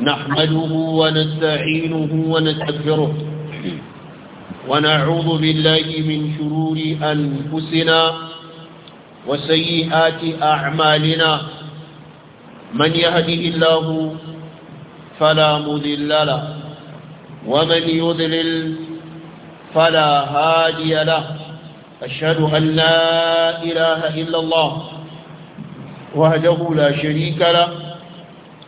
نحمده ونستعينه ونستغفره ونعوذ بالله من شرور أنفسنا وسيئات أعمالنا من يهده الله فلا مذل له ومن يذلل فلا هادي له أشهد أن لا إله إلا الله وهده لا شريك له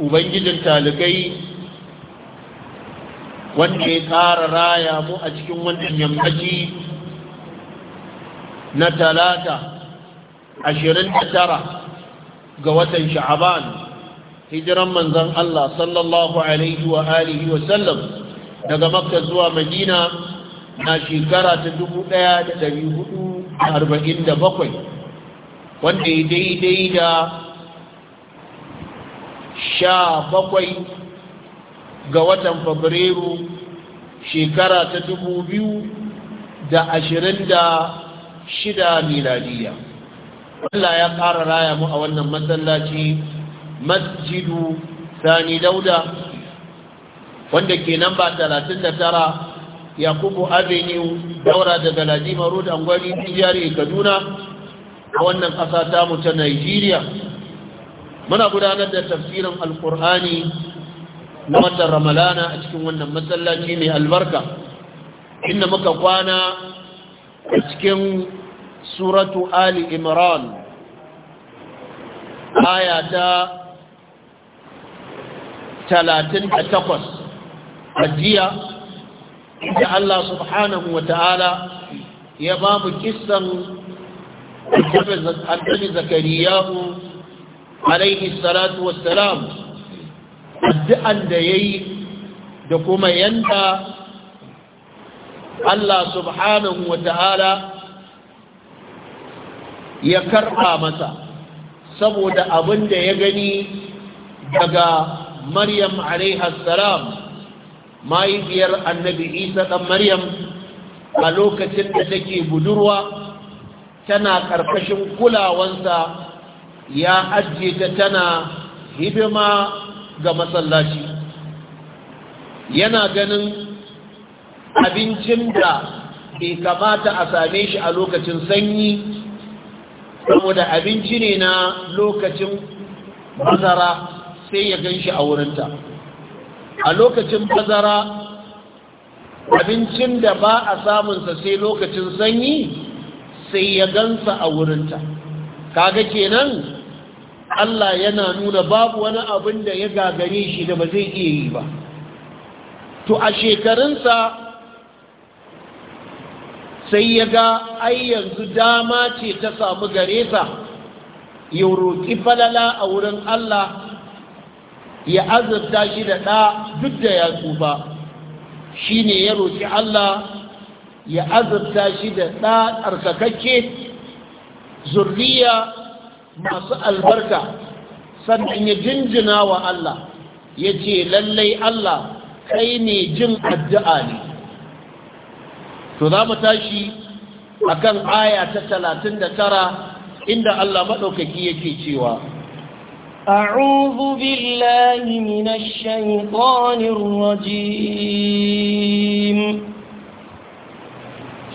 ubangijin talibai wanda ya kara raya mu a cikin wannan yammaci na talata ashirin da tara ga watan sha'aban hijiran manzan Allah sallallahu alaihi wa alihi wa sallam daga makka zuwa madina na shekara ta dubu ɗaya da da da bakwai, wanda ya daidai da sha bakwai ga watan fabrairu shekara ta dubu biyu da ashirin da shida miladiya Allah ya ƙara raya mu a wannan matsalaci masjidu sani dauda wanda ke nan ba talatin da tara yakubu avenue daura daga lajimar road angwari kaduna a wannan ƙasa tamu ta nigeria muna gudanar da tafsirin alkur'ani na watan ramalana a cikin wannan masallaci mai albarka inda muka kwana a cikin suratu ali imran aya ta 38 ajiya da Allah subhanahu wa ta'ala ya ba mu kissan annabi zakariyahu alaihi salatu wassalam addu'an da yayi da kuma yanda Allah subhanahu wa ta'ala ya karɓa masa saboda abin da ya gani daga Maryam alaihassalam mahaifiyar annabi Isa ɗan Maryam a lokacin da take budurwa tana ƙarƙashin kulawansa ya ajiye ta tana hidima ga masallaci yana ganin abincin da bai kamata a same shi a lokacin sanyi saboda abinci ne na lokacin bazara sai ya gan shi a wurinta a lokacin bazara abincin da ba a samunsa sai lokacin sanyi sai ya gansa a wurinta kaga kenan Allah yana nuna babu wani abin da ya gagare shi da ba zai iya yi ba to a shekarunsa sai ya ga ai yanzu dama ce ta samu gare sa ya roƙi falala a wurin Allah ya azurta shi da ɗa duk da ya tsufa shi ne ya roƙi Allah ya azurta shi da ɗa tsarkakakke zurriya masu albarka sannan ya jinjina wa Allah ya ce lallai Allah kai ne jin addu'a ne to za mu tashi a kan aya ta talatin da tara inda Allah maɗaukaki yake cewa أعوذ بالله من الشيطان الرجيم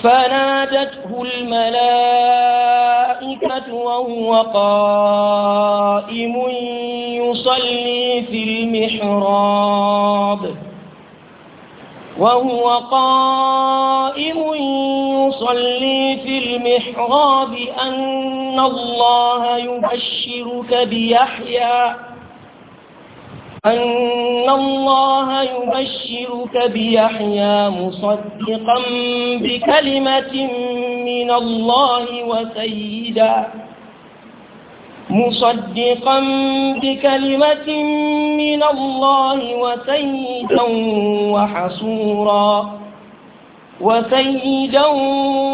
فنادته الملائكة وهو قائم يصلي في المحراب وهو قائم يصلي في المحراب أن الله يبشرك بيحيى أن الله يبشرك بيحيى مصدقا بكلمة من الله وسيدا مصدقا بكلمة من الله وسيدا وحصورا وسيدا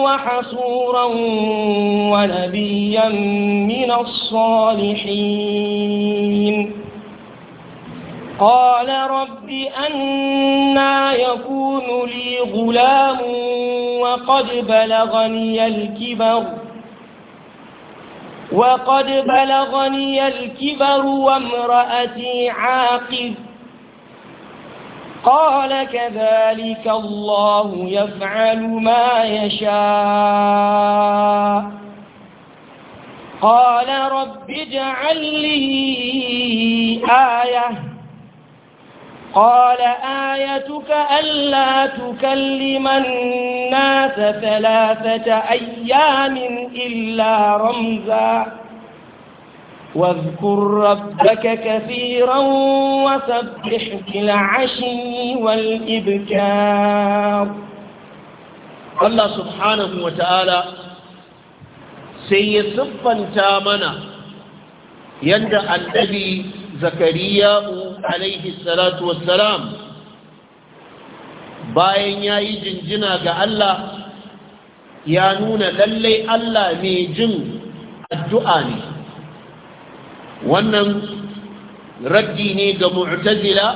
وحصورا ونبيا من الصالحين قال رب أنا يكون لي غلام وقد بلغني الكبر وقد بلغني الكبر وامرأتي عاقب قال كذلك الله يفعل ما يشاء قال رب اجعل لي آية قال آيتك ألا تكلم الناس ثلاثة أيام إلا رمزا واذكر ربك كثيرا وسبح بالعشي والإبكار الله سبحانه وتعالى سيصفا تامنا يندأ النبي زكريا alaihi salatu wassalam bayan ya yi jinjina ga Allah ya nuna lallai Allah mai jin addu'a ne wannan raddi ne ga mu'tazila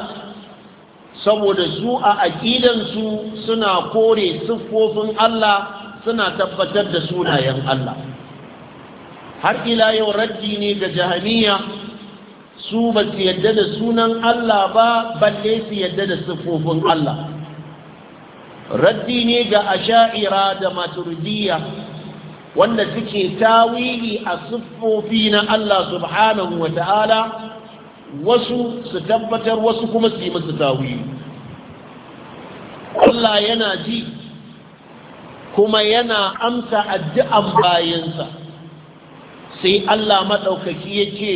saboda su a aƙidansu suna kore siffofin Allah suna tabbatar da sunayen Allah har ila yau raddi ne ga jahaniya su ba su yadda da sunan Allah ba balle su yadda da siffofin Allah raddi ne ga asha'ira da maturidiyya wanda suke tawili a siffofi na Allah subhanahu wa ta'ala wasu su tabbatar wasu kuma su yi masu tawili Allah yana ji kuma yana amsa addu'an bayansa sai Allah maɗaukaki ya ce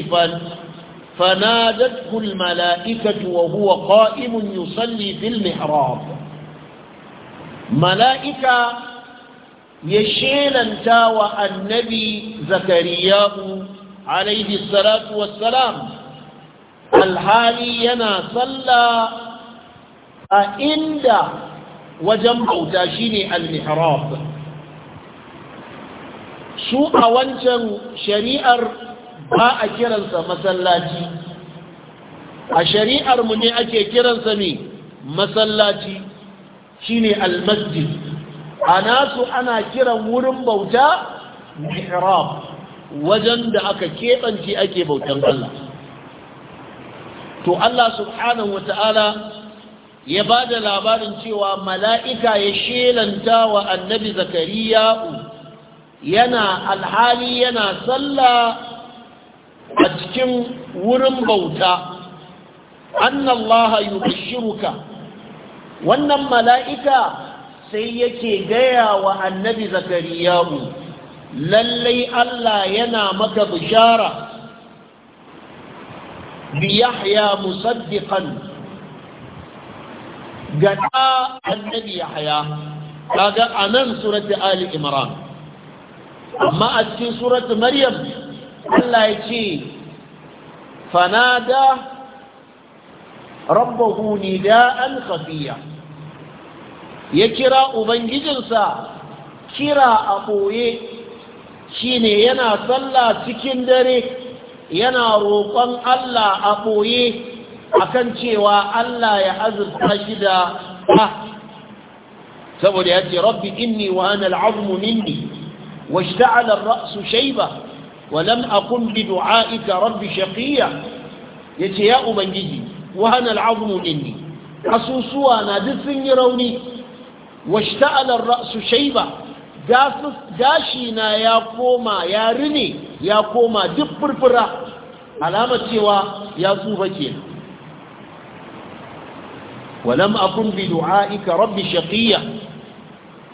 فنادته الملائكة وهو قائم يصلي في المحراب ملائكة يشيل انتا النبي زكريا عليه الصلاة والسلام الحالي ينا صلى أئند وجمع تاشيني المحراب سوء وانشا شريئر ba a kiransa masallaci a shari'ar mu ne ake kiransa ne masallaci shine almasjid A nasu ana kiran wurin bauta mihrab wajen da aka keɓanci ake bautan Allah to Allah subhanahu ta'ala ya ba da labarin cewa mala'ika ya shelanta wa annabi zakariya'u yana alhali yana sallah a cikin wurin bauta annallaha yubashshiruka wannan mala'ika sai yake gaya wa annabi mu. lallai Allah yana maka bishara bi yahya musaddiqan ga annabi yahya kaga anan surati ali imran amma a cikin surati maryam Allah ya ce fanada rabbahu nida'an khafiya ya kira ubangijinsa kira a ɓoye shine yana sallah cikin dare yana roƙon Allah a ɓoye akan cewa Allah ya azurta shi da saboda ya ce rabbi inni wa ana al'azmu minni washta'ala ar-ra'su shaiba. walam aqum bi du'aika rabbi shaqiya yace ya ubangiji wa hana al'azmu asusuwa na duk sun yi rauni washta'ala ar-ra'su shayba gashi na ya koma ya rine ya koma duk furfura alamar cewa ya tsufa akun bi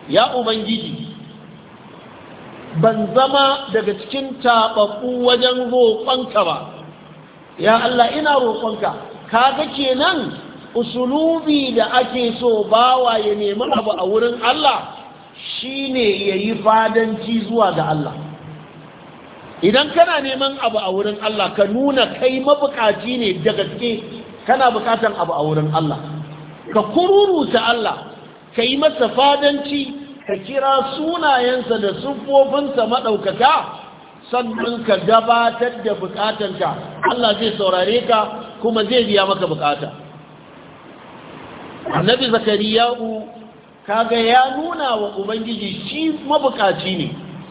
ya ubangiji ban zama daga cikin taɓaɓɓu wajen roƙonka ba ya Allah ina roƙonka kaga kenan usulubi da ake so bawa ya nemi abu a wurin Allah shine ya yi fadanci zuwa ga Allah idan kana neman abu a wurin Allah ka nuna kai mabukaci ne da gaske kana bukatan abu a wurin Allah ka kururuta Allah ka yi masa fadanci ka kira sunayensa da siffofinsa maɗaukaka sannan ka gabatar da bukatanka Allah zai saurare ka kuma zai biya maka bukata annabi zakariya'u kaga ya nuna wa ubangiji shi mabukaci ne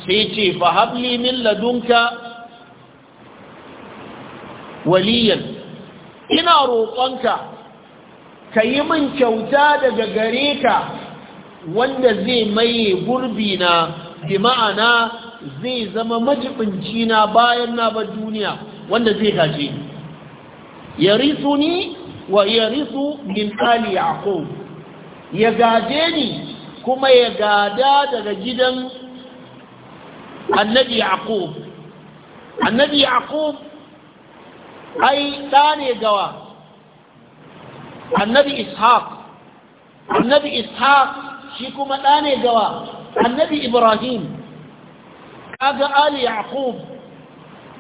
sai ce fa habli min ladunka waliyan ina roƙonka ka yi min kyauta daga gare ka wanda zai maye gurbi na bi ma'ana zai zama majibinci na bayan na bar duniya wanda zai gaje ni ya risu ni wa ya risu min ali yaqub ya gaje ni kuma ya gada daga gidan annabi yaqub annabi yaqub ai da ne gawa annabi ishaq annabi ishaq shi kuma ɗa ne gawa annabi ibrahim kaga ali yaqub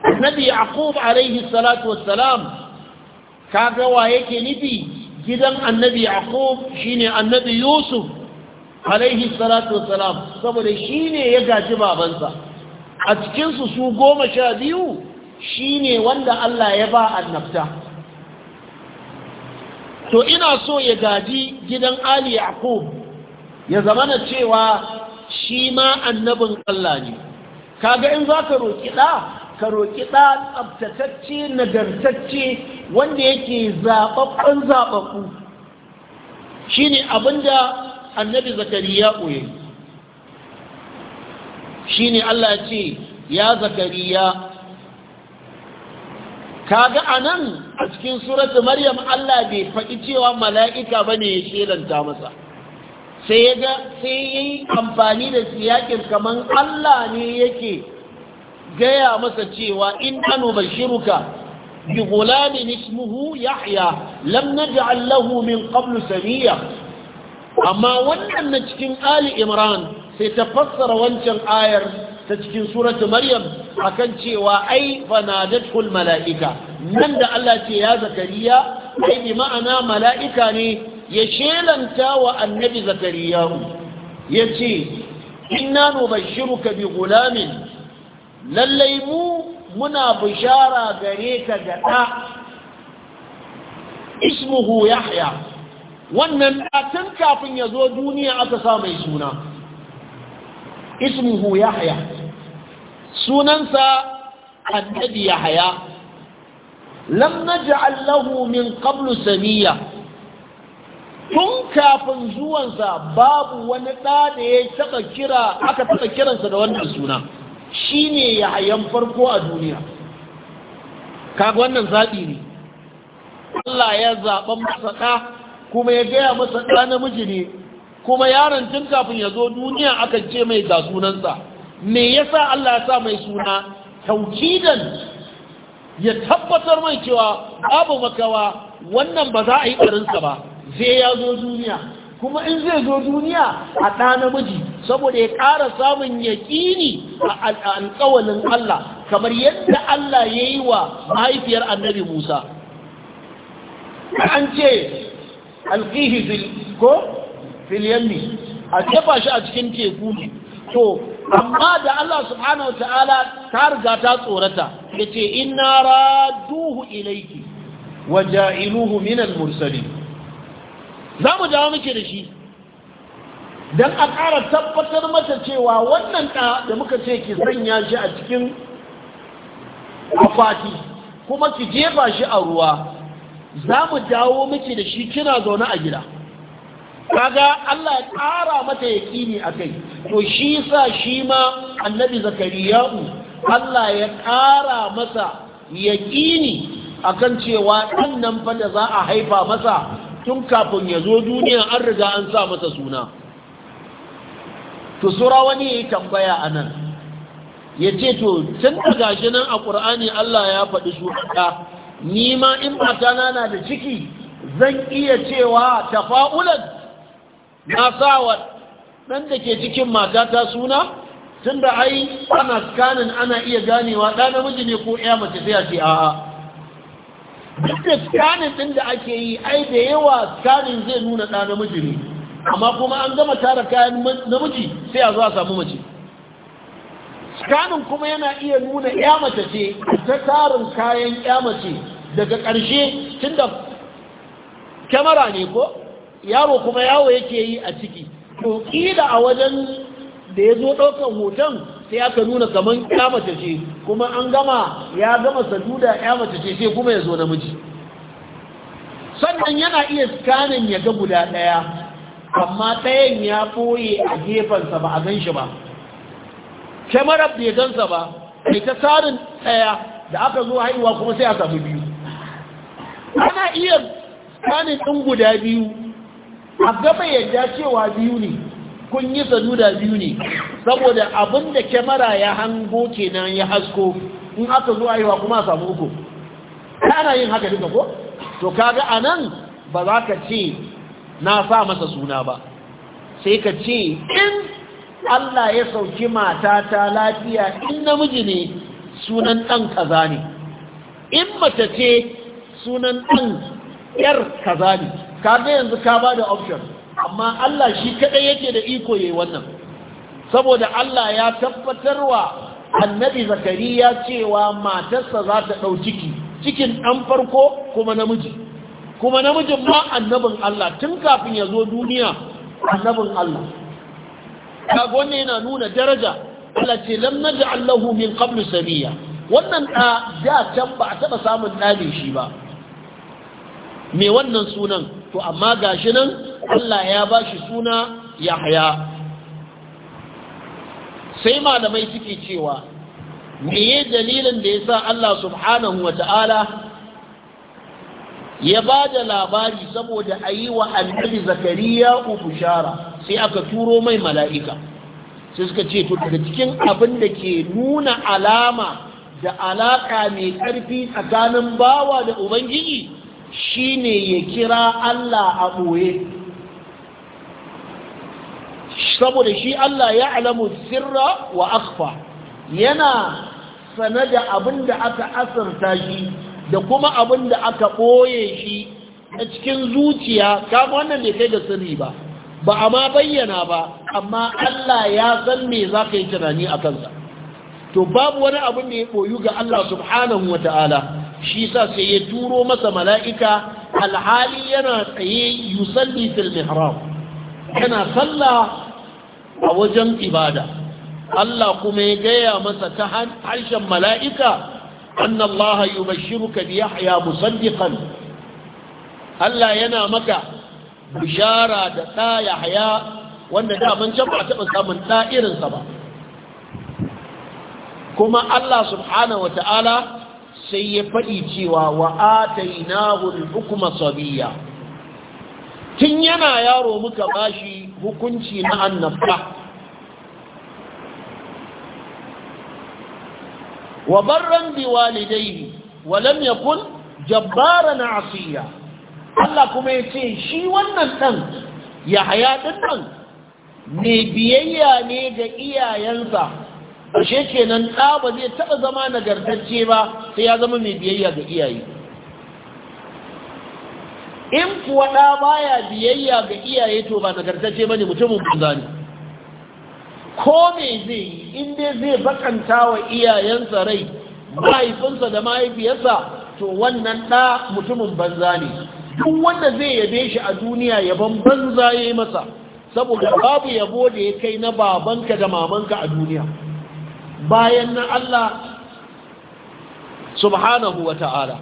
annabi yaqub alayhi salatu wassalam kaga wa yake nufi gidan annabi yaqub shine annabi yusuf alayhi salatu wassalam saboda shine ya gaji babansa a cikinsu su goma sha biyu shine wanda Allah ya ba annabta to ina so ya gaji gidan ali yaqub ya zamana cewa shi ma annabin Allah ne kaga in za ka roƙi ɗa ka roƙi ɗa tsabtatacce nagartacce wanda yake zaɓaɓɓen zaɓaɓɓu shi ne abinda annabi zakariya ɓoye shi ne Allah ya ce ya zakariya kaga anan a cikin suratu maryam Allah bai faɗi cewa mala'ika ba ne ya shelanta masa sai ya sai yi amfani da siyakin kamar Allah ne yake gaya masa cewa in anu bashiruka bi gulamin ismuhu yahya lam naj'al lahu min qablu samiya amma wannan na cikin ali imran sai ta fassara wancan ayar ta cikin suratu maryam akan cewa ai fanadatul malaika nan da Allah ce ya zakariya ai bi ma'ana malaika ne ya shelanta wa annabi zakariya ya ce inna nubashshiruka bi gulamin lallai mu muna bishara gare ka ga ɗa ismuhu yahya wannan ɗatan kafin ya zo duniya aka sa mai suna ismuhu yahya sunansa annabi yahya lam naj'al lahu min qablu samiyya tun kafin zuwansa babu wani ɗa da ya taɓa kira aka taɓa kiransa da wannan suna ya hayan farko a duniya kaga wannan zaɓi ne Allah ya zaɓan masa kuma ya gaya masa ɗa namiji ne kuma yaron tun kafin ya zo duniya aka ce mai ga sunansa me yasa Allah ya sa mai suna taukidan ya tabbatar mai cewa babu makawa wannan ba za a yi ɗarinsa ba sai ya zo duniya kuma in zai zo duniya a ɗa namiji saboda ya ƙara samun yaƙini a alƙawalin Allah kamar yadda Allah ya yi wa mahaifiyar annabi Musa an ce alƙihi fil ko fil a jefa shi a cikin teku ne to amma da Allah subhanahu ta riga ta tsorata yace inna raduhu ilayki waja'iluhu minal mursalin za mu dawo muke da shi don a ƙara tabbatar mata cewa wannan ɗa da muka ce ki sanya shi a cikin akwati kuma ki jefa shi a ruwa za mu dawo muke da shi kina zaune a gida kaga Allah ya ƙara mata yaƙini a kai to shi sa shi ma annabi zakariya'u Allah ya ƙara masa yaƙini kan cewa ɗan nan fa da za a haifa masa tun kafin ya zo duniya an riga an sa masa suna to wani ya yi tambaya a nan ya ce to tun da gashi a ƙur'ani Allah ya faɗi shuɗa ni ma in matana na da ciki zan iya cewa tafa'ulan na sa ɗan da ke cikin matata suna tun da ai ana kanin ana iya ganewa ɗa namiji ne ko ya mace sai a ce a'a duk da din da ake yi ai da yawa tsanin zai nuna ɗa namiji ne amma kuma an gama tara kayan namiji sai a zo a samu mace tsanin kuma yana iya nuna ya mace ce ta tarin kayan ya mace daga ƙarshe tun da kyamara ne ko yaro kuma yawo yake yi a ciki to ƙila a wajen da ya zo ɗaukan hoton sai aka nuna kaman ya mace ce kuma an gama ya gama sajuda ya mace ce sai kuma ya zo namiji sannan yana iya skanin ya ga guda ɗaya amma ɗayan ya ɓoye a gefensa ba a gan shi ba kyamarar bai gansa ba sai ta tsarin ɗaya da aka zo haihuwa kuma sai a samu biyu ana iya skanin ɗin guda biyu a gaba yadda cewa biyu ne kun yi saduda biyu ne saboda abin da kyamara ya hango kenan ya hasko in aka zo aiwa kuma samu uku kana yin haka duka ko to kaga anan ba za ka ce na sa masa suna ba sai ka ce in Allah ya sauki mata ta lafiya in namiji ne sunan ɗan kaza ne in mace ce sunan ɗan ƴar kaza ne kaga yanzu ka ba da option amma Allah shi kadai yake da iko yayi wannan saboda Allah ya tabbatarwa annabi zakariya cewa matarsa za ta dau ciki cikin dan farko kuma namiji kuma namijin ma annabin Allah tun kafin ya zo duniya annabin Allah kaga wannan yana nuna daraja Allah ce lam naj'al lahu min qablu sabiya wannan da can ba a taba samun dade shi ba me wannan sunan to amma gashi nan Allah ya ba shi suna Yahya sai malamai suke cewa meye dalilin da ya sa Allah subhanahu wa ta'ala ya ba da labari saboda a yi wa annabi zakariya bushara sai aka turo mai mala'ika sai suka ce to daga cikin abin da ke nuna alama da alaƙa mai ƙarfi tsakanin bawa da ubangiji shine ya kira Allah a ɓoye saboda shi Allah ya alamu sirra wa akhfa yana sane da abin da aka asarta shi da kuma abun da aka ɓoye shi a cikin zuciya kama wannan ne kai da sirri ba ba a ma bayyana ba amma Allah ya san me za ka yi tunani a kansa to babu wani abin da ya ɓoyu ga Allah subhanahu wa ta'ala shi sa sai ya turo masa mala'ika alhali yana tsaye yusalli fil mihrab yana sallah a wajen ibada Allah kuma ya gaya masa ta harshen mala’ika an Allah yi bashiru ka biya ya musallikan Allah yana maka bishara da ta ya haya wanda daban can ba taɓa samun ta’irinsa ba kuma Allah subhanahu wa ta’ala sai ya faɗi cewa wa’ata yi na hukuma sabiya tun yana yaro muka bashi hukunci na annabta wa barran bi walidayhi wa lam yakun jabbaran asiya Allah kuma yace shi wannan dan Yahaya din nan mai biyayya ne ga iyayensa ashe kenan ɗa ba zai taɓa zama nagartacce ba sai ya zama mai biyayya ga iyaye in kuwa ɗa baya biyayya ga iyaye to ba nagartacce ba ne mutumin banza ne ko me zai yi in dai zai bakanta wa iyayensa rai mahaifinsa da mahaifiyarsa to wannan ɗa mutumin banza ne duk wanda zai yabe shi a duniya yaban banza ya yi masa saboda babu yabo da ya kai na babanka da mamanka a duniya bayan na Allah subhanahu wa ta'ala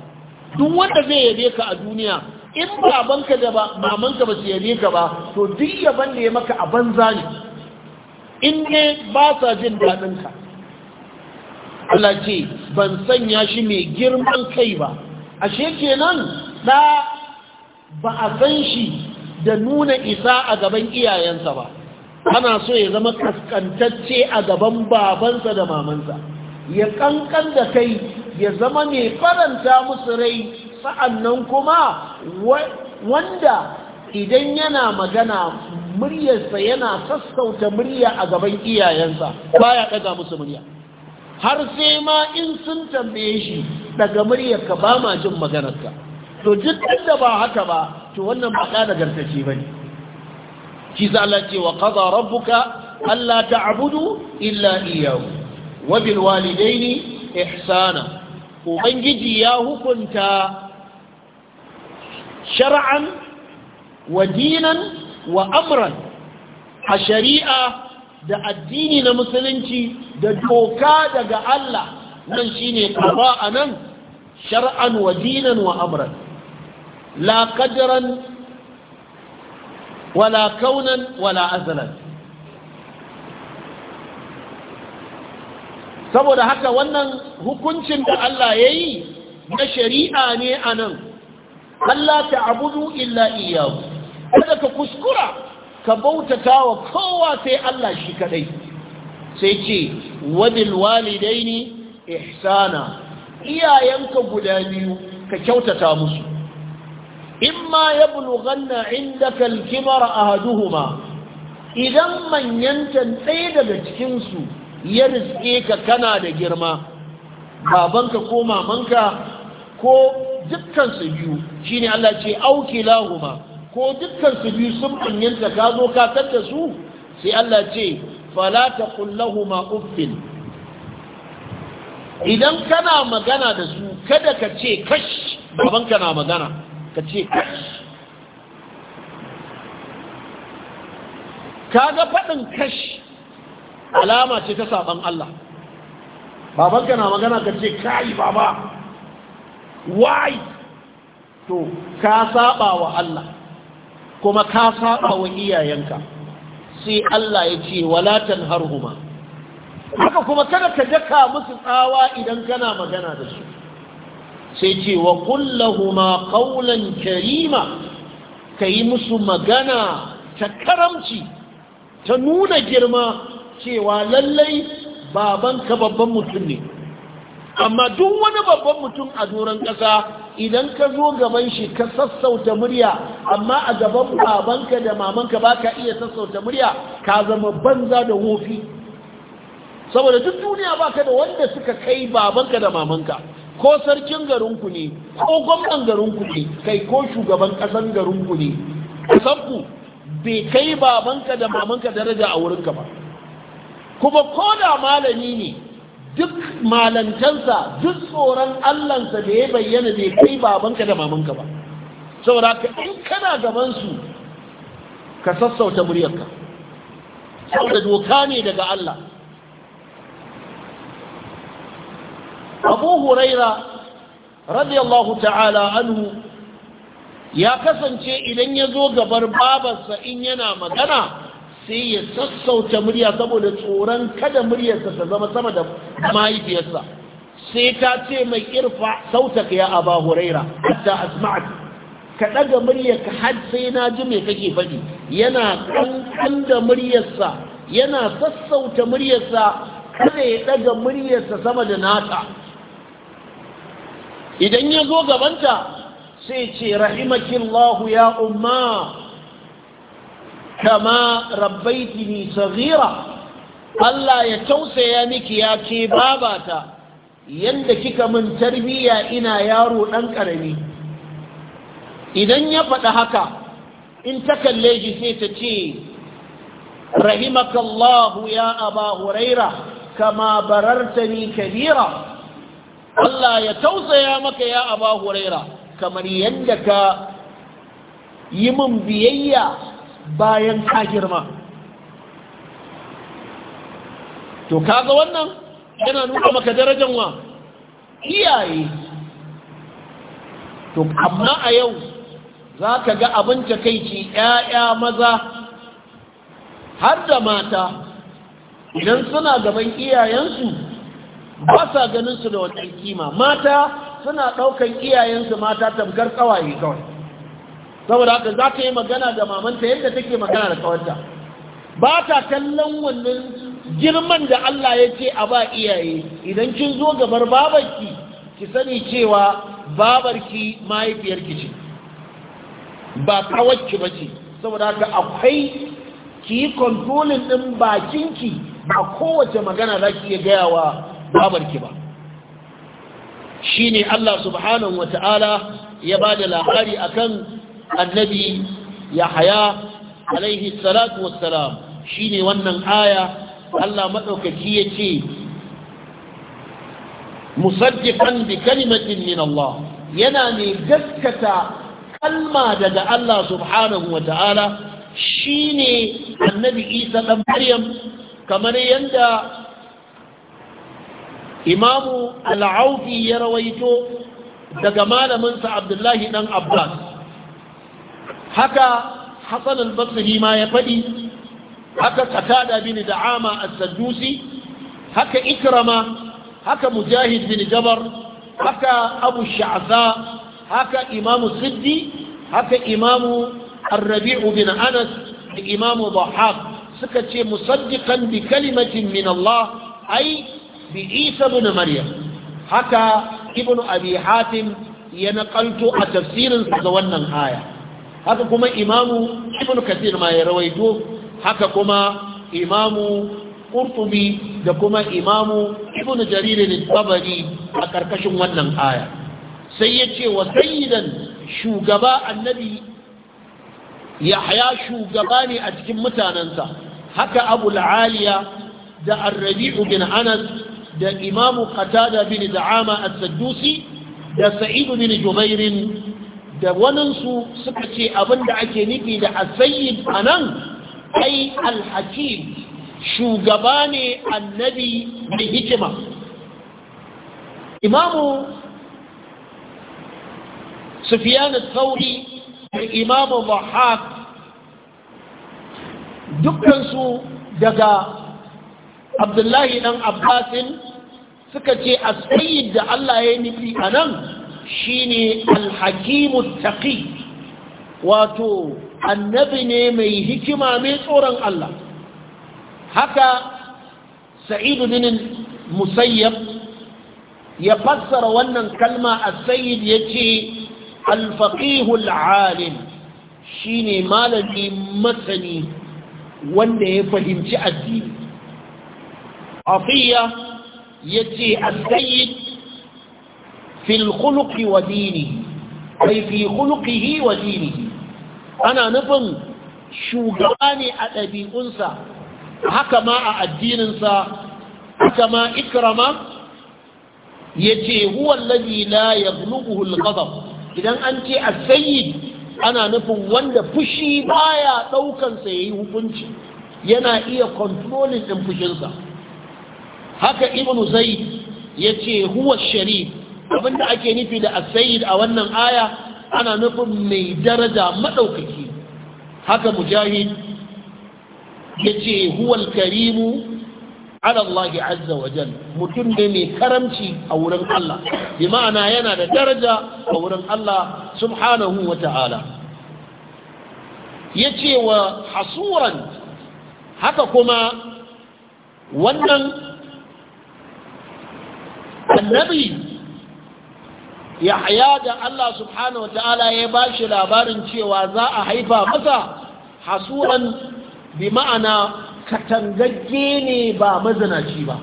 duk wanda zai yabe ka a duniya in babanka da mamanka ba su yabe ka ba to duk yaban da ya maka a banza ne in ne ba sa jin daɗinka Allah ce ban sanya shi mai girman kai ba ashe kenan ɗa ba a san shi da nuna isa a gaban iyayensa ba ana so ya zama kaskantacce a gaban babansa da mamansa ya kankan da kai ya zama mai faranta musu rai sa'annan kuma wanda idan yana magana muryarsa yana sassauta murya a gaban iyayensa baya musu murya har sai ma in sun tambaye shi daga muryarka ba ma jin maganarka to duk da ba haka ba to wannan ba da gartace bane shi za Allah ce wa qada rabbuka alla ta'budu illa iyyahu wabin walidaini ihsana ubangiji ya hukunta shar'an wa dinan wa amran a shari'a da addini na musulunci da doka daga Allah nan shine qada anan shar'an wa dinan wa amran la qadran wala kaunan wala azalan saboda haka wannan hukuncin da Allah ya yi na shari'a ne a nan Allah ta'budu illa iyahu kada ka kuskura ka bautata wa kowa sai Allah shi kadai sai ce wadil walidaini ihsana iyayenka guda biyu ka kyautata musu imma yablughanna indaka al-kibara ahaduhuma idan manyantan ɗaya daga cikin su ya riske ka kana da girma babanka ko mamanka ko dukkan su biyu shine Allah ce auki lahuma ko dukkan su biyu sun kunyanta ka zo ka tadda su sai Allah ce fala taqul lahuma uffin idan kana magana da su kada ka ce kash babanka na magana ka ce kash kaga faɗin kash alama ce ta saban Allah babanka na magana ka ce kai baba why to ka saba wa Allah kuma ka saba wa iyayenka sai Allah ya ce wala tanharhuma haka kuma kada ka daka musu tsawa idan kana magana da su sai ce wa kullahuma qawlan karima kai musu magana ta karamci ta nuna girma cewa lallai babanka babban mutum ne amma duk wani babban mutum a doron ƙasa idan ka zo gaban shi ka sassauta murya amma a gaban babanka da mamanka ba ka iya sassauta murya ka zama banza da wofi saboda duk duniya ba ka da wanda suka kai babanka da mamanka ko sarkin garinku ne ko gwamnan garinku ne kai ko shugaban ƙasan garinku ne ƙasanku bai kai babanka da mamanka daraja a wurinka ba kuma ko da malami ne duk malamtansa duk tsoron allansa da ya bayyana bai kai babanka da mamanka ba saboda ka in kana gabansu ka sassauta muryarka saboda doka ne daga Allah abu huraira radiyallahu ta'ala anhu ya kasance idan ya zo gabar babarsa in yana magana sai ya sassauta murya saboda tsoron kada muryarsa ta zama sama da mahaifiyarsa sai ta ce mai irfa sautaka ya aba huraira hatta asma'at ka daga ka har sai na ji me kake faɗi yana kankan da muryarsa yana sassauta muryarsa kada ya daga muryarsa sama da nata idan ya zo gabanta sai ce rahimakillahu ya umma kama rabbaitini saghira Allah ya tausaya miki ya ce babata yanda kika min tarbiya ina yaro dan karami idan ya faɗi haka in ta kalle shi sai ta ce rahimakallahu ya aba huraira kama barartani kabira Allah ya tausaya maka ya aba huraira kamar yanda ka yi min biyayya bayan ka girma to kaga wannan yana nuna maka darajar wa iyaye to amma a yau za ka ga abin takaici 'ya'ya maza har da mata idan suna gaban iyayensu ba sa ganin su da wata kima mata suna ɗaukan iyayensu mata tamkar tsawaye kawai saboda haka za ka yi magana da mamanta yadda take magana da kawanta ba ta kallon wannan girman da Allah ya ce a ba iyaye idan kin zo gabar babarki ki sani cewa babarki mahaifiyarki ce ba kawarki ba ce saboda haka akwai ki yi kontrolin ɗin bakinki ba kowace magana za ki iya gaya wa babarki ba shi ne Allah subhanahu wa ta'ala ya ba da lahari akan annabi yahaya alaihi salatu wassalam shine wannan aya Allah ya yace musaddiqan bi kalimatin min Allah yana ne gaskata kalma daga Allah subhanahu Shi shine annabi Isa ɗan Maryam kamar yadda imamu al ya rawaito daga malaminsa Abdullahi ɗan Abbas haka hassan al-basri ma ya faɗi haka katada bin da'ama as-saddusi haka ikrama haka mujahid bin jabar haka abu sha'za haka imamu siddi haka imamu ar-rabi'u bin anas da imamu dhahab suka ce musaddiqan bi kalimatin min Allah ai bi Isa bin Maryam haka ibn Abi Hatim ya nakalto a tafsirin sa ga wannan aya haka kuma imamu ibn kathir ma ya rawaito haka kuma imamu qurtubi da kuma imamu ibn jarir al-tabari a karkashin wannan aya sai yace wa sayyidan shugaba annabi yahya shugaba ne a cikin mutanansa haka Abul aliya da ar-rabi'u bin anas da imamu qatada bin da'ama as-saddusi da sa'id bin jubairin da waninsu suka ce abinda ake nufi da azayyid a nan ai alhakim shugaba ne annabi mai hikima imamu sufiyan sauri da imamu bahak dukkansu daga abdullahi dan abbasin suka ce asayin da allah ya nufi a nan shine alhakimu taqi wato annabi ne mai hikima mai tsoron Allah haka sa'idu bin musayyab ya fassara wannan kalma as-sayyid yace al-faqih al-alim shine malami masani wanda ya fahimci addini afiya yace as-sayyid في الخلق ودينه أي في خلقه ودينه أنا نفهم شغاني أدبي أنسى haka ma a addininsa haka ma ikrama ya ce huwan ladila ya gluguhu al idan an ce a sayid ana nufin wanda fushi baya daukansa ya yi hukunci yana iya kontrolin ɗin fushinsa haka ibn zaid ya ce "Huwar sharif abinda ake nufi da asayid a wannan aya ana nufin mai daraja maɗaukaki haka mujahid ya ce huwal karimu alallahi azza wa jal mutum ne mai karamci a wurin Allah bi ma'ana yana da daraja a wurin Allah subhanahu wa ta'ala ya ce wa hasuran haka kuma wannan annabi yahya da Allah subhanahu wataala ya ba shi labarin cewa za a haifa masa hasuran bi ma'ana katangagge ne ba mazinaci ba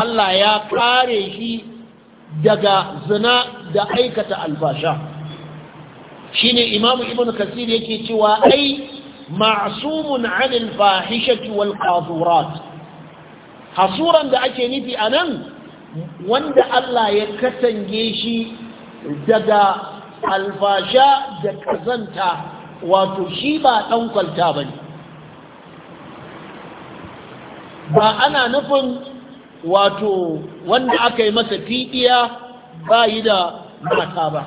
Allah ya kare shi daga zina da aikata albasha shine imamu ibnu kasir yake cewa ai ma'asumun 'anil fahishati wal qadhurat hasuran da ake nufi anan wanda Allah ya katange shi daga alfasha da kazanta wato shi ba ɗan kwalta ba ne ba ana nufin wato wanda aka yi masa fiɗiya ba yi da mata ba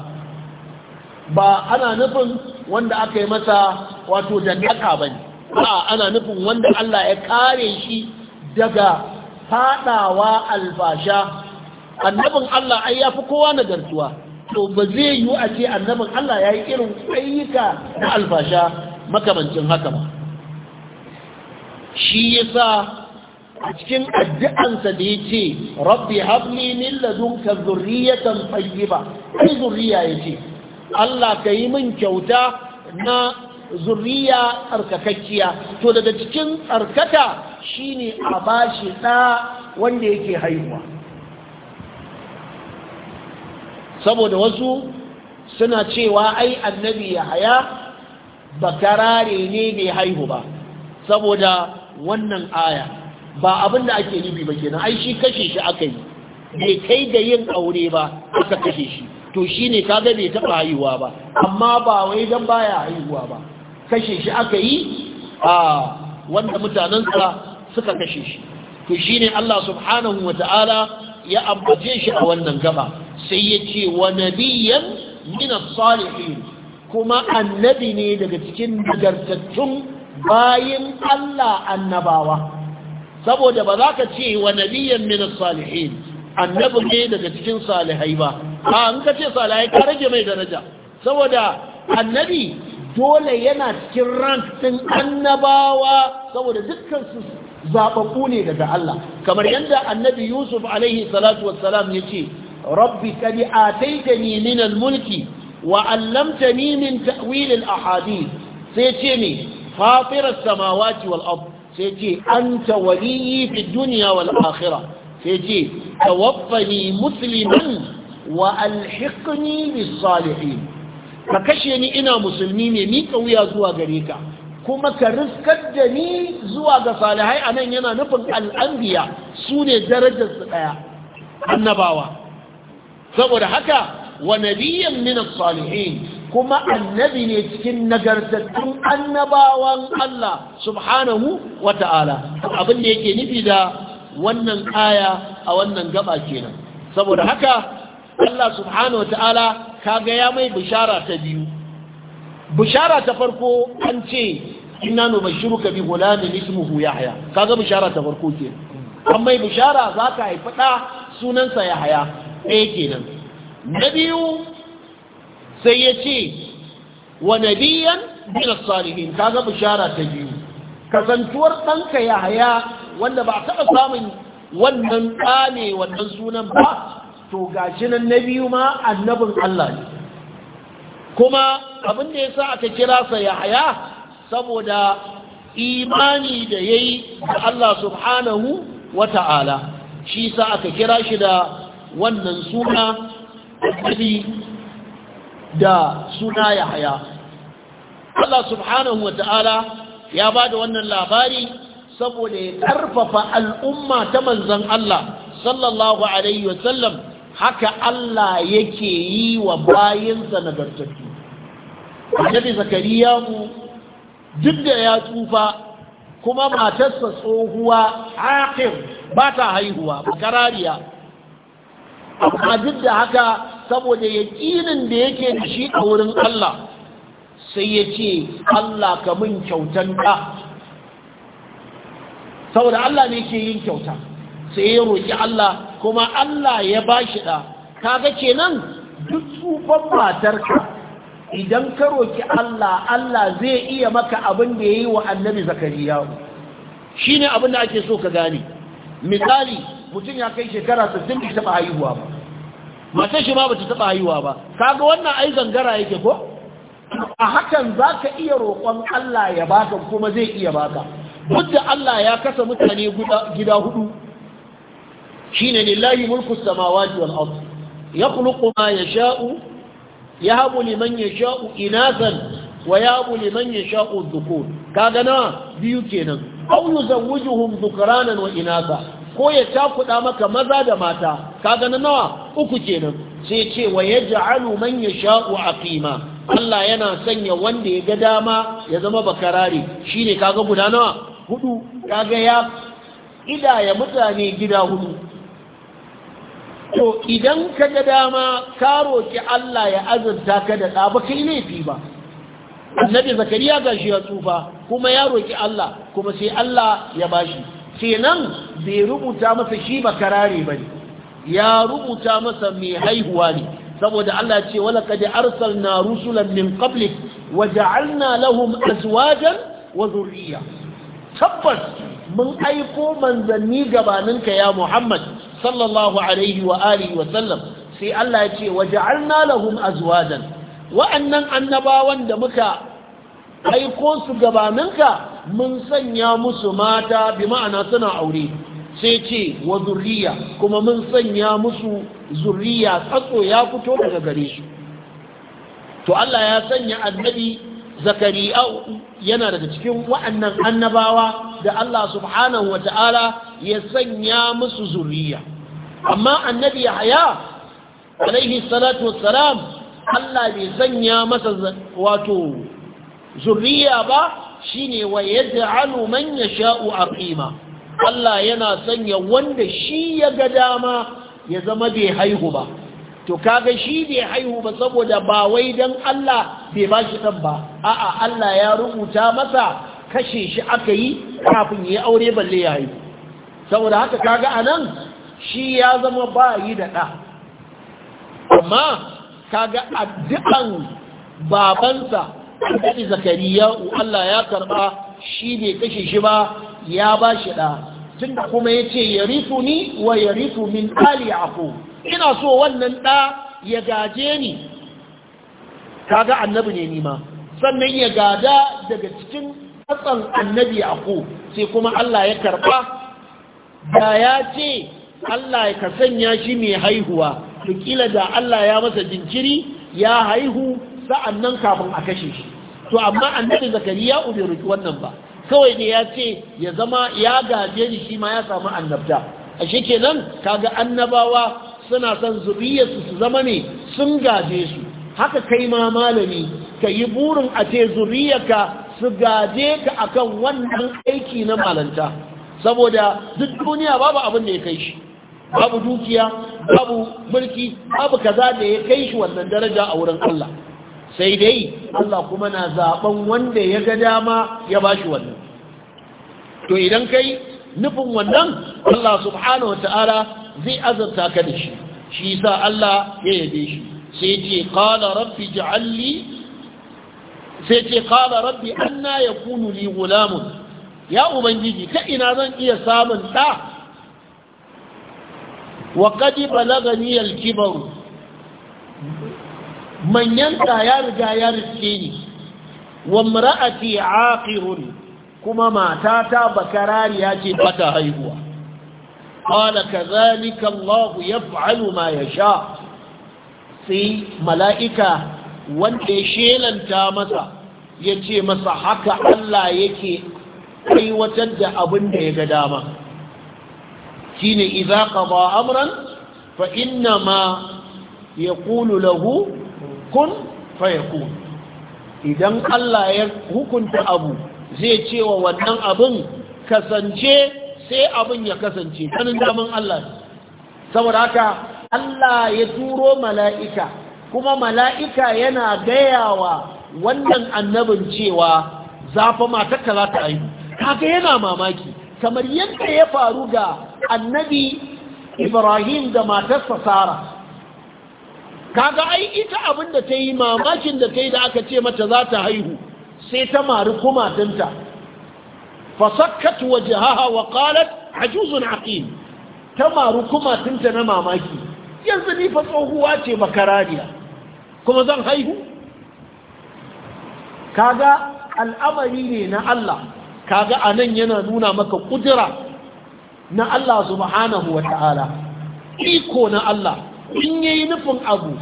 ba ana nufin wanda aka yi masa wato dangaka ba ba ana nufin wanda Allah ya kare shi daga faɗawa alfasha annabin Allah ai ya fi kowa nagartuwa to ba zai yiwu a ce annabin Allah ya yi irin ayyuka na alfasha makamancin haka ba shi ya sa a cikin addu'ansa da ya ce rabbi habli min ladunka zurriyatan ba ai zurriya ya ce Allah ka yi min kyauta na zurriya tsarkakakkiya to daga cikin tsarkaka shine a bashi ɗa wanda yake haihuwa saboda wasu suna cewa ai annabi ya haya bakarare ne bai haihu ba saboda wannan aya ba abin da ake nufi ba kenan ai shi kashe shi aka yi bai kai da yin aure ba aka kashe shi to shi ne kaga bai taɓa haihuwa ba amma ba wai don baya haihuwa ba kashe shi aka yi a wanda mutanensa suka kashe shi to shi ne Allah subhanahu wa ta'ala ya ambace shi a wannan gaba sai ya ce wa min as-salihin kuma annabi ne daga cikin nagartattun bayin Allah annabawa saboda ba za ka ce wa nabiyan min as-salihin annabi ne daga cikin salihai ba a an ka ce salihai ka rage mai daraja saboda annabi dole yana cikin rank din annabawa saboda dukkan su zaɓaɓɓu ne daga Allah kamar yadda annabi Yusuf alaihi salatu wassalam ya ce rabbi kadi ataitani min al-mulki wa 'allamtani min ta'wil al-ahadith sai ce ne fatirar samawati wal ard sai ce anta waliyyi fi dunya wal akhirah sai ce tawaffani musliman wa alhiqni bis salihin ka kashe ni ina musulmi ne ni wuya zuwa gare ka kuma ka riskar da ni zuwa ga salihai anan yana nufin al'anbiya su ne su ɗaya annabawa saboda haka wa nabiyyan min as-salihin kuma annabi ne cikin nagartattun annabawan Allah subhanahu wa ta'ala abin da yake nufi da wannan aya a wannan gaba kenan saboda haka Allah subhanahu wa ta'ala kaga ya mai bishara ta biyu bishara ta farko an ce inna nubashshiruka bi ghulamin ismuhu yahya kaga bishara ta farko kenan amma bishara zaka haifi da sunansa yahya ɗaya kenan na biyu sai ya ce wa nabiyan bin salihin kaga bishara ta biyu kasantuwar ɗanka yahaya wanda ba taɓa samun wannan ɗane wannan sunan ba to gashi nan na biyu ma annabin Allah ne kuma abin da ya sa aka kira sa ya saboda imani da ya yi da Allah subhanahu wa ta'ala shi sa aka kira shi da wannan suna Ali da suna Yahaya Allah subhanahu wa ta'ala ya ba da wannan labari saboda ya ƙarfafa al'umma ta manzan Allah sallallahu Alaihi wasallam haka Allah yake yi wa bayansa nagartattu. Annabi Zakariya mu duk da ya tsufa kuma matarsa tsohuwa akir ba ta haihuwa, makarariya amma duk da haka saboda yaƙinin da yake da shi a wurin Allah sai ya ce Allah ka min kyautan ɗa saboda Allah ne ke yin kyauta sai ya roƙi Allah kuma Allah ya ba shi ɗa kaga nan duk tsufan matarka idan ka roƙi Allah Allah zai iya maka abin da ya yi wa annabi zakariya shi ne abin da ake so ka gane misali mutum ya kai shekara 60 bai taba haihuwa ba matar shi ma bata taba haihuwa ba kaga wannan ai gangara yake ko a hakan zaka iya roƙon Allah ya baka kuma zai iya baka mudda Allah ya kasa mutane gida hudu shine lillahi mulku samawati wal ard yakhluqu ma yasha'u yahabu liman yasha'u inathan wa yahabu liman yasha'u dhukur kaga na biyu kenan aw yuzawwijuhum dhukranan wa inatha ko ya cakuɗa maka maza da mata kaga na nawa uku kenan sai ce wa yaj'alu man yasha'u aqima Allah yana sanya wanda ya ga dama ya zama bakarare shine kaga guda nawa hudu kaga ya idaya mutane gida hudu to idan ka ga dama ka roƙi Allah ya azurta ka da ɗa kai laifi ba annabi zakariya gashi ya tsufa kuma ya roki Allah kuma sai Allah ya bashi kenan bai rubuta masa shi ba karare bane ya rubuta masa mai haihuwa ne saboda Allah ce wala arsal na rusulan min qablik waja'alna lahum azwajan wa tabbas mun aiko manzanni gabaninka ya Muhammad sallallahu alaihi wa alihi wa sallam sai Allah ya ce waja'alna lahum azwajan wa'annan annabawan da muka aiko su gabaninka mun sanya musu mata bi ma'ana suna aure sai ce wa zurriya kuma mun sanya musu zurriya tsatso ya fito daga gare su to Allah ya sanya annabi zakariya yana daga cikin wa'annan annabawa da Allah subhanahu wata'ala ya sanya musu zurriya amma annabi yahya alaihi salatu wassalam Allah bai sanya masa wato zurriya ba Shi ne wa yaj'alu man a aqima Allah yana sanya wanda shi ya ga dama ya zama bai haihu ba to kaga shi bai haihu ba saboda ba wai dan Allah bai bashi dan ba a'a Allah ya rubuta masa kashe shi aka yi kafin yi aure balle ya haihu saboda haka kaga anan shi ya zama ba yi da ɗa amma kaga addu'an babansa annabi zakariya Allah ya karɓa shi ne kashe shi ba ya ba shi da tunda kuma yace yarithu ni wa yarithu min ali yaqub ina so wannan ɗa ya gaje ni kaga annabi ne nima sannan ya gada daga cikin tsatsan annabi yaqub sai kuma Allah ya karɓa. da ya ce Allah ya sanya shi mai haihuwa Duk ƙila da Allah ya masa jinkiri ya haihu sa'annan kafin a kashe shi to amma annabi zakariya bai roki wannan ba kawai ne ya ce ya zama ya gaje ni shi ma ya samu annabta a kenan kaga annabawa suna son zuriyarsu su zama ne sun gaje su haka kai ma malami ka yi burin a ce zuriyarka su gaje ka akan wannan aiki na malanta saboda duk duniya babu abin da ya kai shi babu dukiya babu mulki babu kaza da ya kai shi wannan daraja a wurin Allah sai dai Allah kuma na zaɓen wanda ya ga dama ya ba shi wannan to idan kai nufin wannan Allah subhanahu ta'ala zai azarta ka da shi shi sa Allah ya yabe shi sai ce qala rabbi ja'alli sai ce qala rabbi anna yakunu li gulamun ya ubangiji ta ina zan iya samun ɗa wa kadi balagani alkibaru manyanta ya riga ya riske ni wa mar'ati aqirun kuma matata bakarariya ce bata haihuwa qala kadhalika Allah yaf'alu ma yasha sai mala'ika wanda ya shelanta masa yace masa haka Allah yake aiwatar da abin da ya ga dama shine idza qada amran fa inna ma yaqulu lahu kun fayakun idan Allah ya hukunta abu zai ce wa wannan abin kasance sai abin ya kasance kanin daman Allah saboda haka Allah ya turo mala'ika kuma mala'ika yana gayawa wannan annabin cewa zafa matakka za ta aiki kaga yana mamaki kamar yadda ya faru ga annabi Ibrahim da matarsa Sara kaga ai ita abin da ta yi mamakin da ta yi da aka ce mata za ta haihu sai ta mari kumatinta fasakkat wajahaha wa qalat ajuzun aqim ta mari kumatinta na mamaki yanzu ni fa tsohuwa ce bakarariya kuma zan haihu kaga al'amari ne na Allah kaga anan yana nuna maka kudura na Allah subhanahu wa ta'ala iko na Allah in yi nufin abu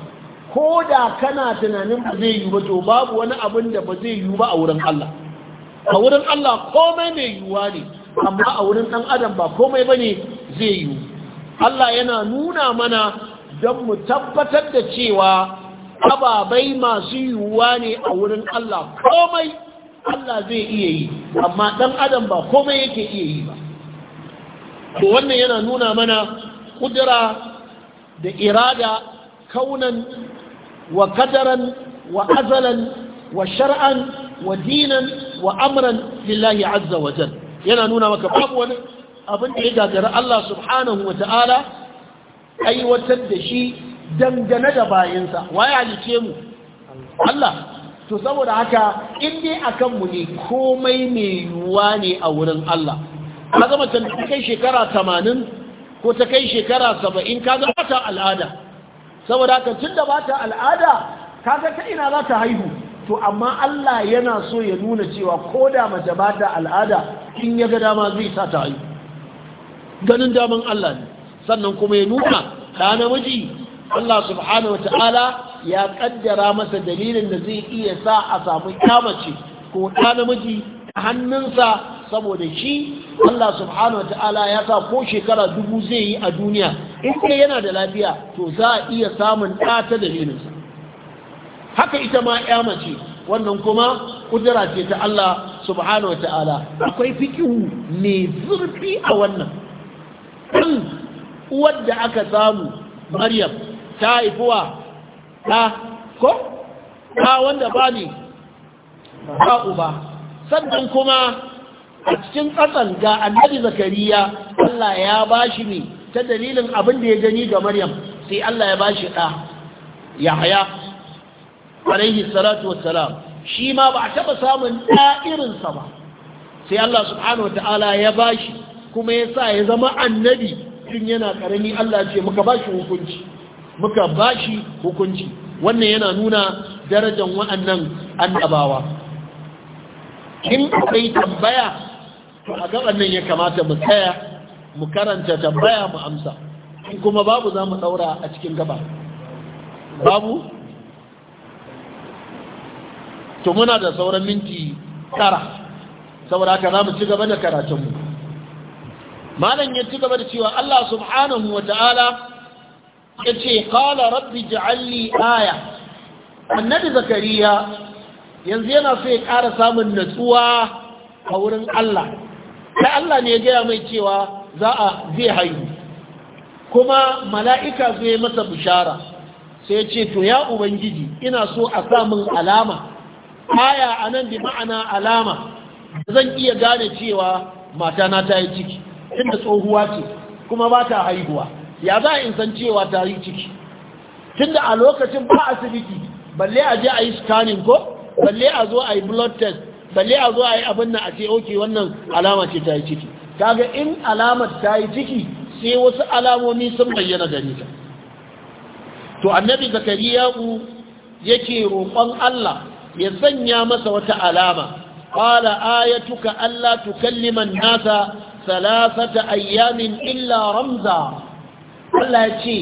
ko da kana tunanin ba zai yi ba to babu wani abin da ba zai yi ba a wurin Allah a wurin Allah komai mai yiwuwa ne amma a wurin ɗan adam ba komai ba ne zai yiwu Allah yana nuna mana don mu tabbatar da cewa ababai masu yiwuwa ne a wurin Allah komai Allah zai iya yi amma ɗan adam ba komai yake iya yi ba to wannan yana nuna mana kudura da irada kaunan wa kadaran wa azalan wa shar'an wa dinan wa amran lillahi azza wa jal yana nuna maka babu wani abin da ya gagara Allah subhanahu wa ta'ala aiwatar da shi dangane da bayansa waye halice mu Allah to saboda haka in dai akan mu ne komai mai yuwa ne a wurin Allah ka zama kai shekara tamanin. ko ta kai shekara saba'in kaga ba ta al'ada saboda ka tun da ba ta al'ada kaga ta ina za ta haihu to amma Allah yana so ya nuna cewa ko da mace ba ta al'ada in ya ga dama zai sa ta haihu ganin daman Allah ne sannan kuma ya nuna ta namiji Allah subhanahu wa ta'ala ya kaddara masa dalilin da zai iya sa a samu kyamace ko ta namiji ta hannunsa saboda shi Allah subhanahu wataala ya sa ko shekara dubu zai yi a duniya in dai yana da lafiya to za a iya samun ɗa ta dalilinsa haka ita ma ya mace wannan kuma kudura ce ta Allah subhanahu wataala akwai fikihu mai zurfi a wannan ɗan aka samu maryam ta haifuwa ɗa ko ɗa wanda ba ne ba uba sannan kuma a cikin ƙasan ga annabi zakariya Allah ya bashi ne ta dalilin abin da ya gani ga maryam sai Allah ya bashi ɗa yahaya alaihi salatu wassalam shi ma ba a taɓa samun ɗa irinsa ba sai Allah subhanahu wa ta'ala ya bashi kuma ya sa ya zama annabi tun yana ƙarami Allah ce muka bashi hukunci muka bashi hukunci wannan yana nuna darajar wa'annan annabawa in akwai tambaya to a gaban nan ya kamata mu tsaya mu karanta tambaya mu amsa kuma babu za mu daura a cikin gaba babu to muna da sauran minti tara saboda haka za mu ci gaba da karatunmu malam ya ci gaba da cewa Allah subhanahu wa ta'ala ya ce qala rabbi ja'alli aya annabi zakariya yanzu yana so ya ƙara samun natsuwa a wurin Allah sai Allah ne ya gaya mai cewa za a zai haihu kuma mala'ika zai masa bishara sai ce to ya ubangiji ina so a samun alama aya a nan bi ma'ana alama zan iya gane cewa matana ta yi ciki inda tsohuwa ce kuma ba ta haihuwa ya za in san cewa ta yi ciki tunda a lokacin ba asibiti balle a je a yi scanning ko balle a zo a yi blood test balle a zo a yi abin nan a ce oke wannan alama ce ta yi ciki kaga in alamar ta yi ciki sai wasu alamomi sun bayyana gare ta to annabi zakariya ku yake roƙon Allah ya sanya masa wata alama qala ayatuka alla tukalliman an-nasa thalathata ayyamin illa ramza Allah ya ce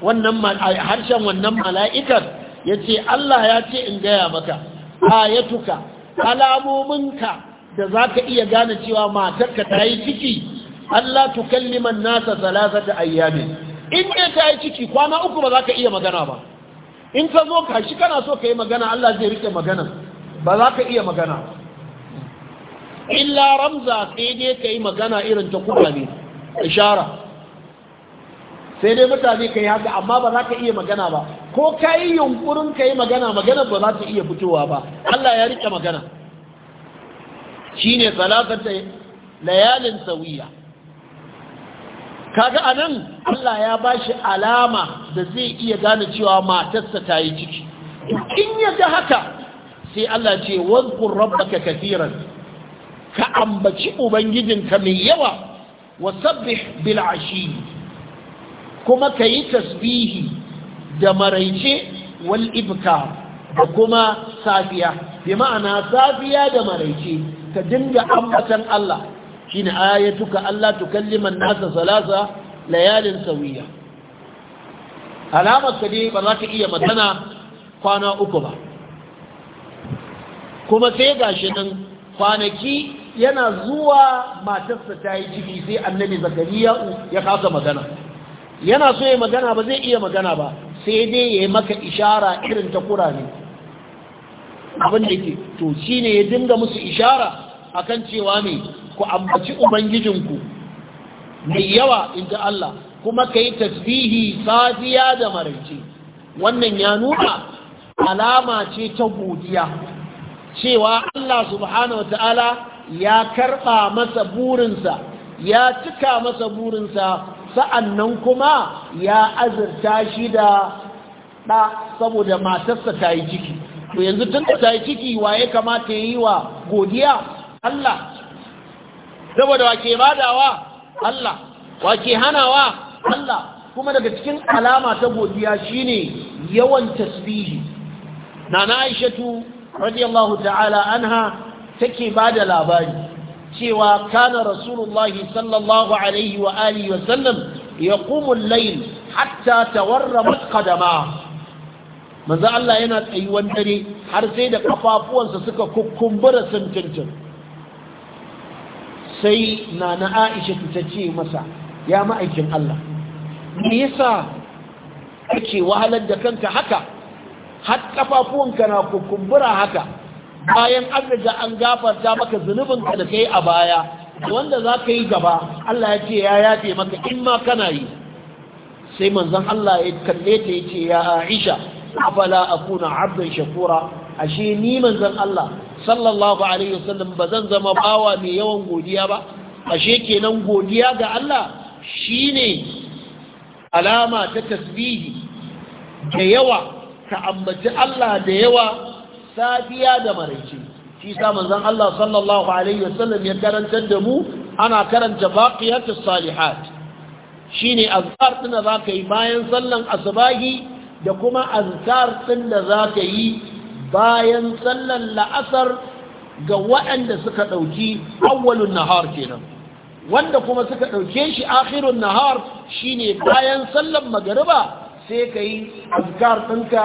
wannan harshen wannan mala'ikar ya ce Allah ya ce in gaya maka ayatuka kalamominka da za ka iya gane cewa matarka ta yi ciki Allah tukalliman nasa da ayyami. in ɗaya ta yi ciki kwana uku ba za ka iya magana ba in ta zo ka shi kana so ka yi magana Allah zai rike magana ba za ka iya magana illa ramza sai dai ka yi magana irin ta kuma ne ishara sai dai mutane ka yi haka amma ba za ka iya magana ba ko ka yi yunkurin ka yi magana magana ba za ta iya fitowa ba Allah ya rike magana shine salatata layalin sawiya kaga anan Allah ya bashi alama da zai iya gane cewa matarsa ta yi ciki in ya ga haka sai Allah ce wazkur rabbaka kathiran ka ambaci ubangijinka mai yawa wasabbih bil ashi kuma kayi tasbihi da maraice wal ibkar da kuma safiya bi ma'ana safiya da maraice ka dinga ambatan Allah shine ayatuka Allah tukalliman nasa salasa layalin sawiya alamar ka ba za ka iya magana kwana uku ba kuma sai gashi nan kwanaki yana zuwa matarsa ta yi ciki sai annabi zakariya'u ya kasa magana yana so ya magana ba zai iya magana ba sai dai ya maka ishara irin ta kura abin da ke to shi ne ya dinga musu ishara akan cewa ne ku ambaci ubangijinku mai yawa inda Allah kuma ka yi tasbihi safiya da maraice wannan ya nuna alama ce ta godiya cewa Allah subhanahu ta'ala ya karɓa masa burinsa ya cika masa burinsa sa'annan kuma ya azurta shi da ɗa saboda matarsa ta yi ciki to yanzu tun da ta yi ciki waye kamata ya yi wa godiya Allah saboda wa ke badawa Allah wa ke hanawa Allah kuma daga cikin alama ta godiya shine yawan tasbihi na na aishatu radiyallahu ta'ala anha take bada labari cewa kana rasulullahi sallallahu alaihi wa alihi wa sallam ya al-layl hatta tawarramat qadama manzo Allah yana tsayuwan dare har sai da kafafuwansa suka kukkumbura sun tuntun sai nana Aisha ta ce masa ya ma'aikin Allah me yasa kake wahalar da kanka haka har kafafuwanka na kukkumbura haka bayan an riga an gafarta maka zunubin ka da kai a baya wanda za ka yi gaba Allah ya ce ya yafe maka in ma kana yi sai manzon Allah ya kalle ta ya ce ya Aisha afala akuna abdan shakura ashe ni manzon Allah sallallahu alaihi wasallam ba zan zama bawa mai yawan godiya ba ashe kenan godiya ga Allah shine alama ta tasbihi da yawa ka ambaci Allah da yawa safiya da maraice shi sa manzon Allah sallallahu alaihi wasallam ya karantar da mu ana karanta baqiyatus salihat shine azkar din da zaka yi bayan sallan asbahi da kuma azkar din da zaka yi bayan sallan la'asar ga waɗanda suka ɗauki awwalun nahar kenan wanda kuma suka ɗauke shi akhirun nahar shine bayan sallan magariba sai ka yi azkar ɗinka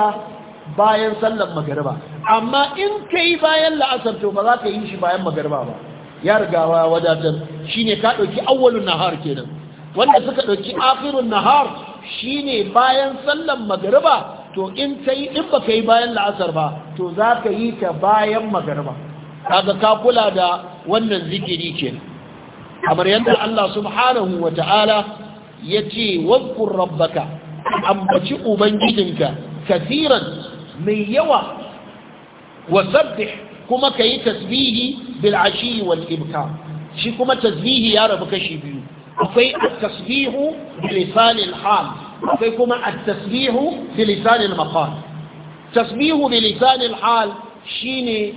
bayan sallan magariba amma in ka yi bayan la'asar to ba za ka yi shi bayan magarba ba ya rigawa wadatar shi ne ka ɗauki awwalun nahar kenan wanda suka ɗauki afirun nahar shi ne bayan sallan magarba to in ka yi in ba ka yi bayan la'asar ba to za ka yi ta bayan magarba kaga ka kula da wannan zikiri kenan kamar yadda Allah subhanahu wa ta'ala ya ce wadkur rabbaka ambaci ubangijinka kasiran mai yawa wa kuma kayi tasbihi bil ashi wal ibka shi kuma tasbihi ya rabu kashi biyu akwai at-tasbihu bi lisan al-hal akwai kuma at-tasbihu bi lisan al-maqal tasbihu bi lisan al-hal shine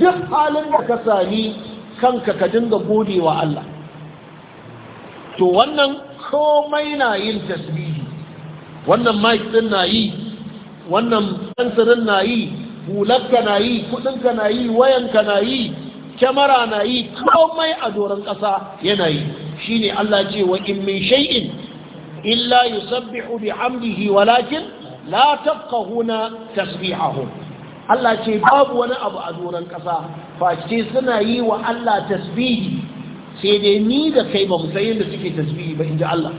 duk halin da ka sami kanka ka dinga godewa Allah to wannan komai na yin tasbihi wannan mic din na yi wannan tantarin na yi hularka na yi kudinka na yi wayanka na yi kyamara na yi komai a doron ƙasa yana yi shine Allah ce wa in min shay'in illa yusabbihu bihamdihi walakin la tafqahuna tasbihahum Allah ce babu wani abu a doron ƙasa face suna yi wa Allah tasbihi sai dai ni da kai ba mu san yadda suke tasbihi ba inji Allah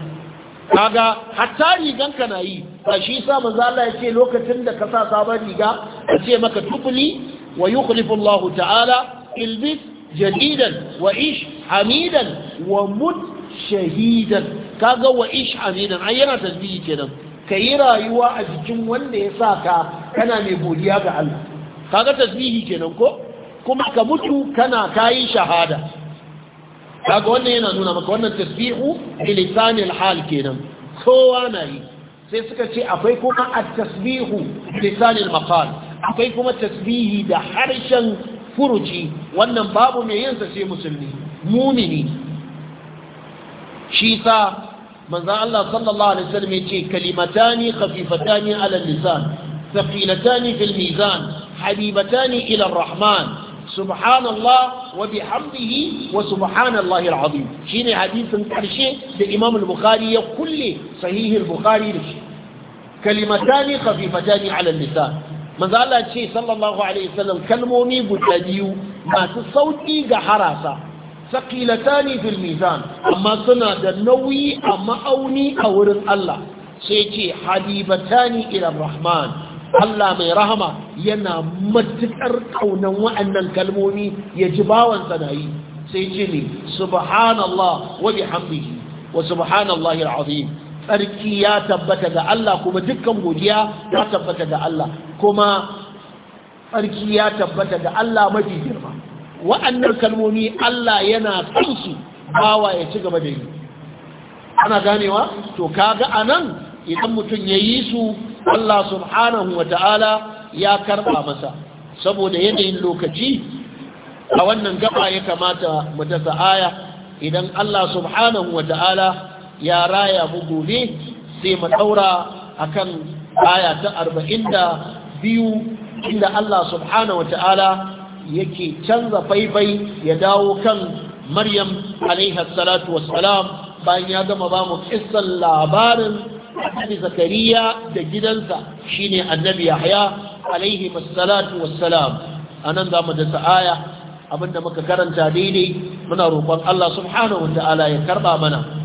kaga hatta ka na yi ba shi sa manzala Allah ya ce lokacin da ka sa sabon riga ka ce maka tubli wa yi Allah ta'ala ilbis jadidan wa ish hamidan wa mut shahidan kaga wa ish hamidan ai yana tasbihi kenan kayi rayuwa a jikin wanda ya sa ka kana mai godiya ga Allah kaga tasbihi kenan ko kuma ka mutu kana kayi shahada kaga wannan yana nuna maka wannan tasbihu bilisanil hal kenan kowa na yi sai suka ce akwai kuma at-tasbihu lisanil maqal akwai kuma tasbihi da harshen furuci wannan babu mai yin sa sai musulmi mumini shi sa manzon Allah sallallahu alaihi wasallam ce kalimatani khafifatani ala lisan thaqilatani fil mizan habibatani ila ar-rahman subhanallah wa bihamdihi wa subhanallahi al-azim shine hadisin karshe da Imam al-Bukhari ya kulle sahih al-Bukhari da shi kalimatani khafifatani ala lisan manzo Allah ce sallallahu alaihi wasallam kalmomi guda biyu masu sauki ga harasa saqilatani fil mizan amma suna da nauyi a ma'auni a wurin Allah sai ce habibatani ila rahman Allah mai rahama yana matukar kaunan wa'annan kalmomi ya ji bawansa na sai ce ne subhanallah wa bihamdihi wa subhanallahi alazim tsarki ya tabbata ga Allah kuma dukkan godiya ya tabbata ga Allah kuma tsarki ya tabbata ga Allah mafi girma wa'annan kalmomi Allah yana kansu bawa ya ci gaba da yi ana ganewa to kaga anan idan mutum ya yi su Allah subhanahu wa ta'ala ya karba masa saboda yanayin lokaci a wannan gaba ya kamata mu dasa aya idan Allah subhanahu wa ta'ala ya raya mu sai mu daura akan aya ta 42 inda Allah subhanahu wataala yake canza faifai ya dawo kan Maryam alaihi salatu wassalam bayan ya gama ba mu kissan labarin Annabi Zakariya da gidansa shine Annabi Yahya alaihi salatu wassalam anan zamu da aya abinda muka karanta daidai muna roƙon Allah subhanahu wataala ya karba mana